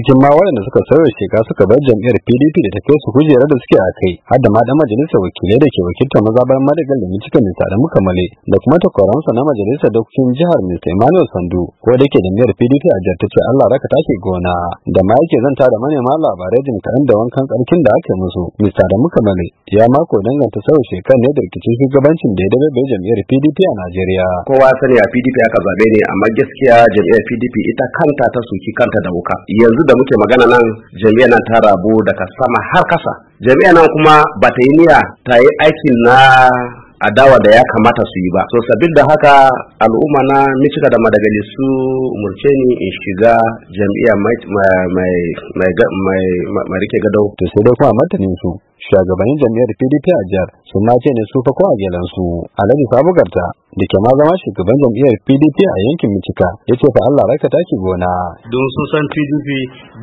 cikin ma waɗanda suka sauya shiga suka bar jam'iyyar PDP da ta kai su kujerar da suke a kai har ma dan majalisar wakilai da ke wakiltar mazabar Madagal da Micika Mr. muka Kamale da kuma takwaransa na majalisar dokokin jihar Mr. Emmanuel Sandu ko da ke jam'iyyar PDP a jihar ta Allah raka take gona da ma yake zanta da manema labarai jin kaɗan da wankan ƙarfin da aka musu Mr. muka Kamale ya mako danganta sauya shekar ne da rikicin shugabancin da ya dabe bai jam'iyyar PDP a Najeriya. Kowa sani a PDP aka zaɓe ne amma gaskiya jam'iyyar PDP ita kanta ta suki kanta da wuka yanzu da muke magana nan jami'a nan ta rabu daga sama har kasa jami'a nan kuma ba ta yi niyya ta yi aikin na adawa da ya kamata su yi ba so sabid da haka al'umma na michiga da madagali su murce ni in shiga jami'a mai rike gado to sai dai kuma martanin su shugabannin jami'ar pdp a jihar sun ma ce ne su fa ko a su alhaji sabugarta da ke ma zama shugaban jam'iyyar PDP a yankin Michika ya ce fa Allah raka taki gona. Don sun san PDP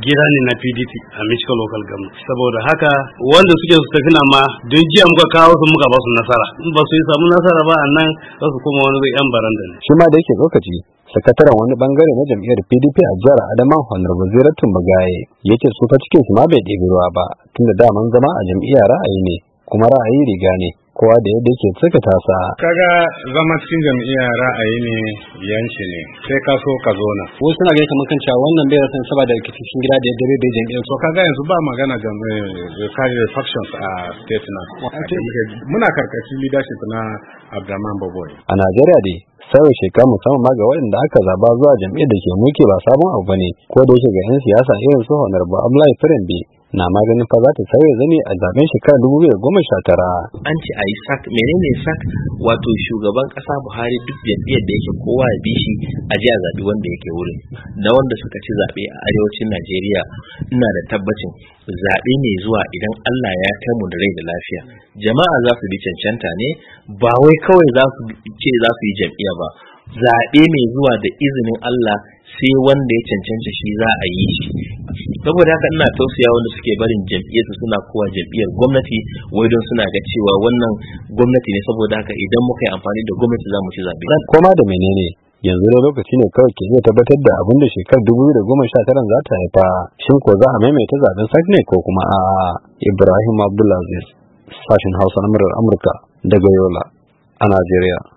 gida ne na PDP a Michika local government. Saboda haka wanda suke su tafi na ma don jiya muka kawo su muka ba su nasara. In ba su yi samu nasara ba a nan za su koma wani yan baranda ne. Shi ma da yake lokaci sakataren wani bangare na jam'iyyar PDP a jihar Adama Honorable Ziratun Magaye ya ce su fa cikin su ma bai ɗebi ruwa ba tunda daman zama a jam'iyyar ra'ayi ne kuma ra'ayi riga ne. kowa da yadda yake suka tasa kaga zama cikin jam'iyya ra'ayi ne yanci ne sai ka so ka zo na wasu suna gaisa kamar kan cewa wannan bai saba saboda rikicin gida da yadda bai jami'a so kaga yanzu ba magana jam'iyyar eh, eh, factions a state na eh, muna karkashin leadership na Abdurrahman Baboy a Najeriya dai sauya shekaru musamman ma ga waɗanda aka zaba zuwa jam'iyyar da ke mulki ba sabon abu bane ko da yake ga 'yan siyasa irin su ba Abdullahi na maganin fa za ta sauya zane a zaben shekarar dubu biyu da goma sha tara. An ce a yi sak menene sak wato shugaban kasa Buhari duk jam'iyyar da yake kowa ya bi shi a jiya a zaɓi wanda yake wurin. Na wanda suka ci zaɓe a arewacin Najeriya ina da tabbacin zaɓe ne zuwa idan Allah ya kai mu da rai da lafiya. Jama'a za su bi cancanta ne ba wai kawai za su ce za su yi jam'iyya ba. Zaɓe mai zuwa da izinin Allah sai wanda ya cancanta shi za a yi shi saboda haka ina tausaya wanda suke barin jam'iyyar suna kowa jam'iyyar gwamnati wai don suna ga cewa wannan gwamnati ne saboda haka idan muka yi amfani da gwamnati za mu ci zaɓe. koma da menene yanzu da lokaci ne kawai ke iya tabbatar da abin da shekarar dubu da goma sha tara za ta haifa shin ko za a maimaita zaben sake ne ko kuma a ibrahim abdulaziz sashen hausa na murar amurka daga yola a najeriya